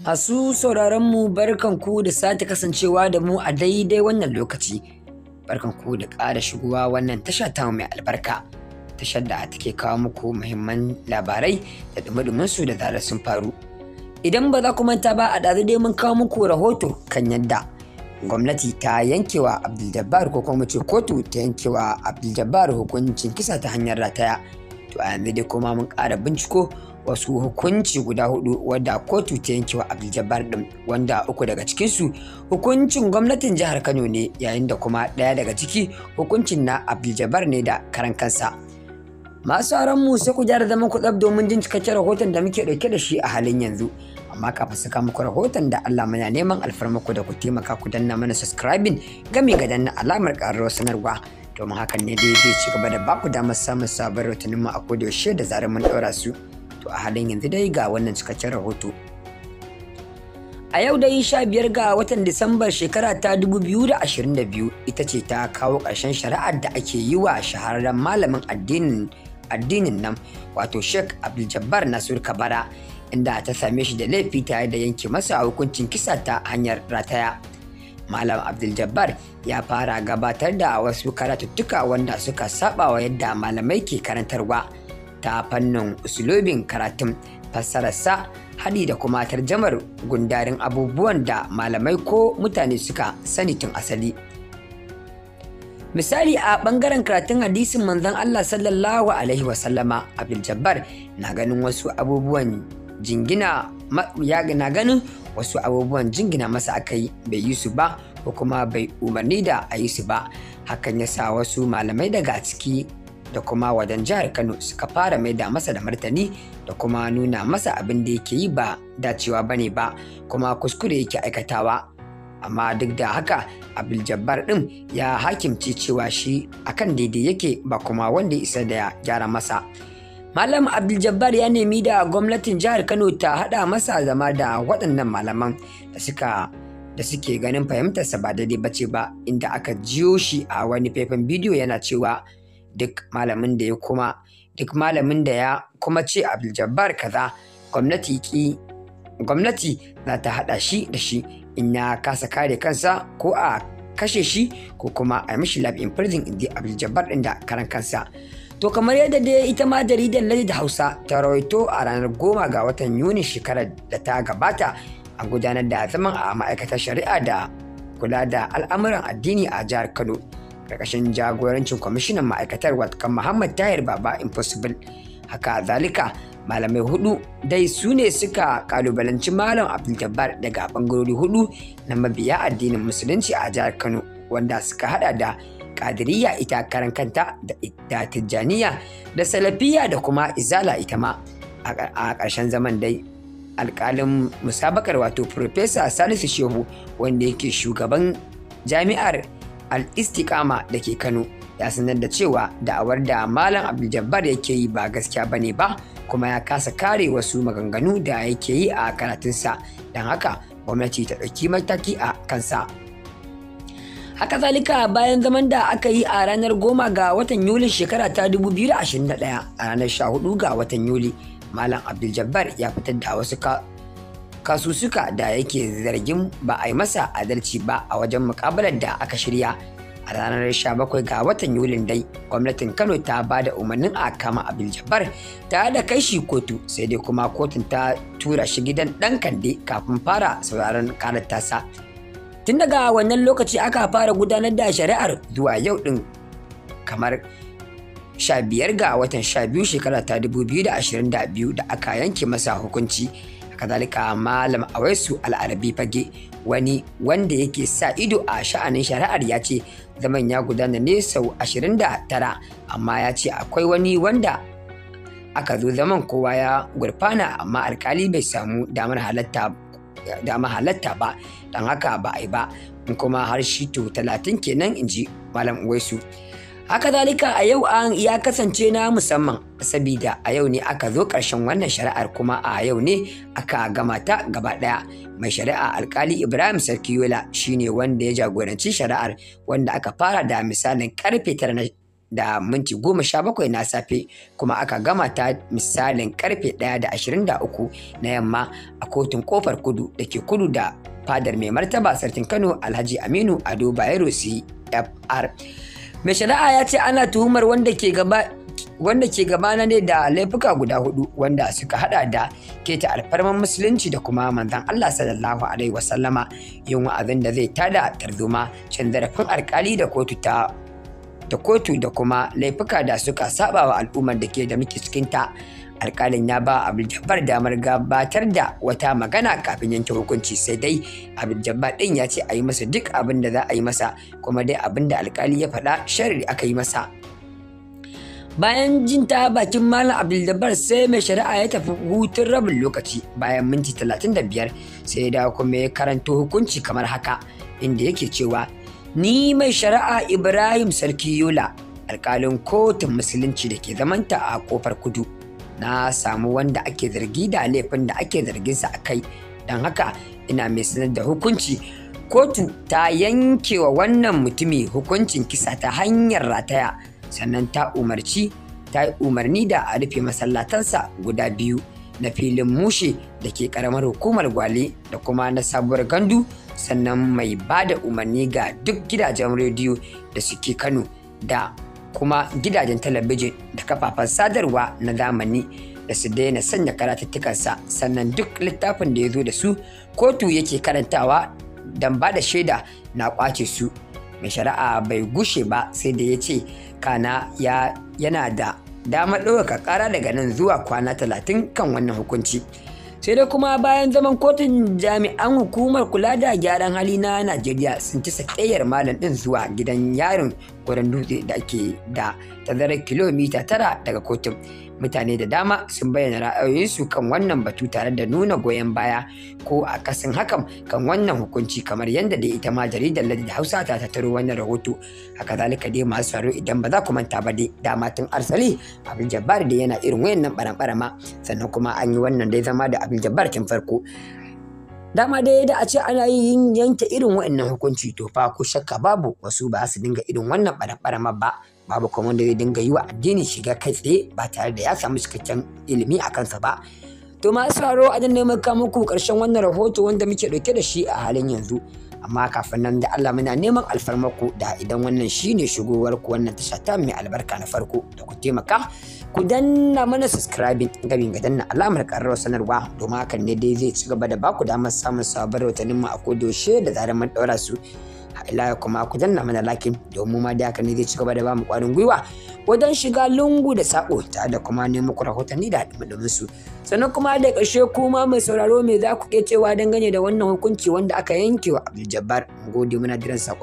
Masu sauraronmu ku da sake kasancewa da mu a daidai wannan lokaci. barkan ku da ƙara shigowa wannan tasha ta mai albarka. Tashar da take kawo muku muhimman labarai da su da zarar sun faru. Idan ba za ku manta ba a ɗazu dai mun kawo muku rahoto kan yadda gwamnati ta yankewa Abdul ko kuma ce kotu ta yankewa Abdul hukuncin kisa ta hanyar rataya. To a yanzu dai kuma mun ƙara binciko wasu hukunci guda hudu wadda kotu ta yanke wa abdul din wanda uku daga cikinsu hukuncin gwamnatin jihar kano ne yayin da kuma ɗaya daga ciki hukuncin na abdul ne da karan kansa masu mu sai ku gyara zaman kuɗab domin jin cikakken rahoton da muke ɗauke da shi a halin yanzu amma kafin su kama muku rahoton da Allah muna neman alfarmaku da ku taimaka ku danna mana subscribing gami ga danna alamar ƙararrawar sanarwa domin hakan ne daidai ci gaba da baku damar samun sabon rahotanninmu a kodayaushe da zarar mun ɗora su. to a halin yanzu dai ga wannan cikakken rahoto a yau dai sha biyar ga watan disambar shekara ta 2022 ita ce ta kawo ƙarshen shari'ar da ake yi wa shahararren malamin addinin addinin nan wato sheikh abdul-jabbar nasir kabara inda ta same shi da laifi tare da yanke masa hukuncin kisa ta hanyar rataya malam abdul-jabbar ya fara gabatar da wasu karatuttuka wanda suka saba yadda malamai ke karantarwa ta fannin usulobin karatun fassararsa haɗi da kuma tarjamar gundarin abubuwan da malamai ko mutane suka sani tun asali misali a ɓangaren karatun hadisin manzon allah sallallahu alaihi wasallama abdul jabbar na ganin wasu abubuwan jingina ya na ganin wasu abubuwan jingina masa akai kai bai yi su ba ko kuma bai umarni da a su ba hakan ya sa wasu malamai daga ciki da kuma wajen jihar Kano suka fara mai da masa da martani da kuma nuna masa abin da yake yi ba dacewa bane ba kuma kuskure yake aikatawa amma duk da haka Abil Jabbar ɗin ya hakimci cewa shi akan daidai yake ba kuma wanda isa da gyara masa Malam Abdul Jabbar ya nemi da gwamnatin jihar Kano ta haɗa masa zama da waɗannan malaman da suka da suke ganin fahimtarsa ba daidai bace ba inda aka jiyo shi a wani faifan bidiyo yana cewa duk malamin da ya kuma duk malamin da ya kuma ce abdul kaza gwamnati ki gwamnati za ta hada shi da shi in ya kasa kare kansa ko a kashe shi ko kuma a mishi lab in prison in abdul jabbar ɗin da karan kansa To kamar yadda dai ita ma jaridar Ladid Hausa ta rawaito a ranar goma ga watan Yuni shekarar da ta gabata a gudanar da zaman a ma'aikatar shari'a da kula da al'amuran addini a jihar Kano. ƙarƙashin jagorancin kwamishinan ma'aikatar watkan muhammad tahir baba impossible haka zalika malamai hudu dai su ne suka kalubalanci malam abdul daga bangarori hudu na mabiya addinin musulunci a jihar kano wanda suka hada da kadiriya ita karan kanta da tijjaniya da salafiya da kuma izala ita ma a ƙarshen zaman dai alƙalin musabakar wato Profesa salisu shehu wanda yake shugaban jami'ar al istikama da ke kano ya sanar da cewa da'awar da malam abdul yake yi ba gaskiya ba ne ba kuma ya kasa kare wasu maganganu da yake yi a karatunsa don haka gwamnati ta ɗauki mataki a kansa haka zalika bayan zaman da aka yi a ranar goma ga watan yulin shekara ta 2021 a ranar 14 ga watan yuli malam abdul ya fitar da wasu kasusuka da yake zargin ba a yi masa adalci ba a wajen mukabalar da aka shirya a ranar 17 ga watan yulin dai gwamnatin kano ta ba da umarnin a kama abin jabbar ta da kai shi kotu sai dai kuma kotun ta tura shi gidan dan kande kafin fara sauraron karar tasa tun daga wannan lokaci aka fara gudanar da shari'ar zuwa yau din kamar 15 ga watan 12 shekara ta 2022 da aka yanke masa hukunci kazalika malam awaisu al'arabi fage wani wanda yake sa ido a sha'anin shari'ar ya ce zaman ya gudana ne sau 29 amma ya ce akwai wani wanda aka zo zaman kowa ya gurfana amma alkali bai samu damar halatta halatta ba dan haka ba a yi ba kuma har shi to talatin kenan inji malam uwaisu haka zalika a yau an ya kasance na musamman sabida a yau ne aka zo ƙarshen wannan shari'ar kuma a yau ne aka gama ta gaba ɗaya mai shari'a alkali ibrahim sarki yola shine wanda ya jagoranci shari'ar wanda aka fara da misalin karfe tara da minti goma sha bakwai na safe kuma aka gama ta misalin karfe ɗaya da ashirin da uku na yamma a kotun kofar kudu da ke kudu da fadar mai martaba sarkin kano alhaji aminu ado bayero cfr mai shari'a ya ce ana tuhumar wanda ke gaba wanda ke gabana ne da laifuka guda hudu wanda suka hada da keta alfarman musulunci da kuma manzan Allah sallallahu alaihi wasallama yin wa'azin da zai tada tarzoma cin zarafin alkali da kotu ta da kotu da kuma laifuka da suka saba wa al'ummar da ke da muke ta alkalin ya ba abdul jabbar damar gabatar da wata magana kafin yanke hukunci sai dai abdul jabbar din ya ce a yi masa duk abin da za a yi masa kuma dai abin da alkali ya faɗa sharri aka yi masa bayan jin ta bakin malam dabar, sai mai shari'a ya tafi hutun rabin lokaci bayan minti 35 sai da kuma ya karanta hukunci kamar haka inda yake cewa ni mai shari'a ibrahim sarki yola alkalin kotun musulunci da ke zamanta a kofar kudu na samu wanda ake zargi da laifin da ake zarginsa a kai don haka ina mai sanar da hukunci kotu ta yanke wa wannan mutumi hukuncin kisa ta hanyar rataya sannan ta umarci ta yi umarni da a rufe masallatansa guda biyu na filin mushe da ke karamar hukumar gwale da kuma na sabuwar gandu sannan mai ba da umarni ga duk gidajen rediyo da suke kano da kuma gidajen talabijin da kafafen sadarwa na zamani da su daina sanya karatattukansa sannan duk littafin da ya zo da su kotu yake karantawa don ba da shaida na kwace su mai shari'a bai gushe ba sai da ya ce kana yana da damar ɗaukaka ƙara daga nan zuwa kwana talatin kan wannan hukunci sai dai kuma bayan zaman kotun jami'an hukumar kula da gyaran hali na najeriya sun ci sakayyar malam din zuwa gidan yarin gwaran dutse da ke da tazarar kilomita tara daga kotun mutane da dama sun bayyana ra'ayoyinsu kan wannan batu tare da nuna goyon baya ko a kasin hakan kan wannan hukunci kamar yadda da ita ma jaridar da hausa ta tattaro wannan rahoto haka zalika dai masu tsaro idan ba za ku manta ba dai dama tun arsali abin jabbar da yana irin wayannan baran ma sannan kuma an yi wannan dai zama da abdul jabbar kin farko dama dai da a ce ana yin yanke irin waɗannan hukunci to fa ko shakka babu wasu ba su dinga irin wannan ma ba babu kuma wanda zai dinga yi wa addini shiga kai tsaye ba tare da ya samu cikakken ilimi a kansa ba to ma sauraro a dan neman kawo muku ƙarshen wannan rahoto wanda muke ɗauke da shi a halin yanzu amma kafin nan da Allah muna neman alfarmar ku. da idan wannan shine shigowar ku wannan tasha ta mai albarka na farko da ku taimaka ku danna mana subscribing gami ga danna alamar karar sanarwa domin hakan ne dai zai ci gaba da baku damar samun sabbin rahotannin mu a kodoshe da zarar mun daura su ila kuma ku danna mana lakin domin ma da haka ne zai ci gaba da bamu kwarin gwiwa wajen shiga lungu da sako ta da kuma neman ku rahotanni da haɗin su sannan kuma da ƙarshe kuma mai sauraro me za ku ke cewa dangane da wannan hukunci wanda aka yanke wa Abdul Jabbar gode muna jiran sakon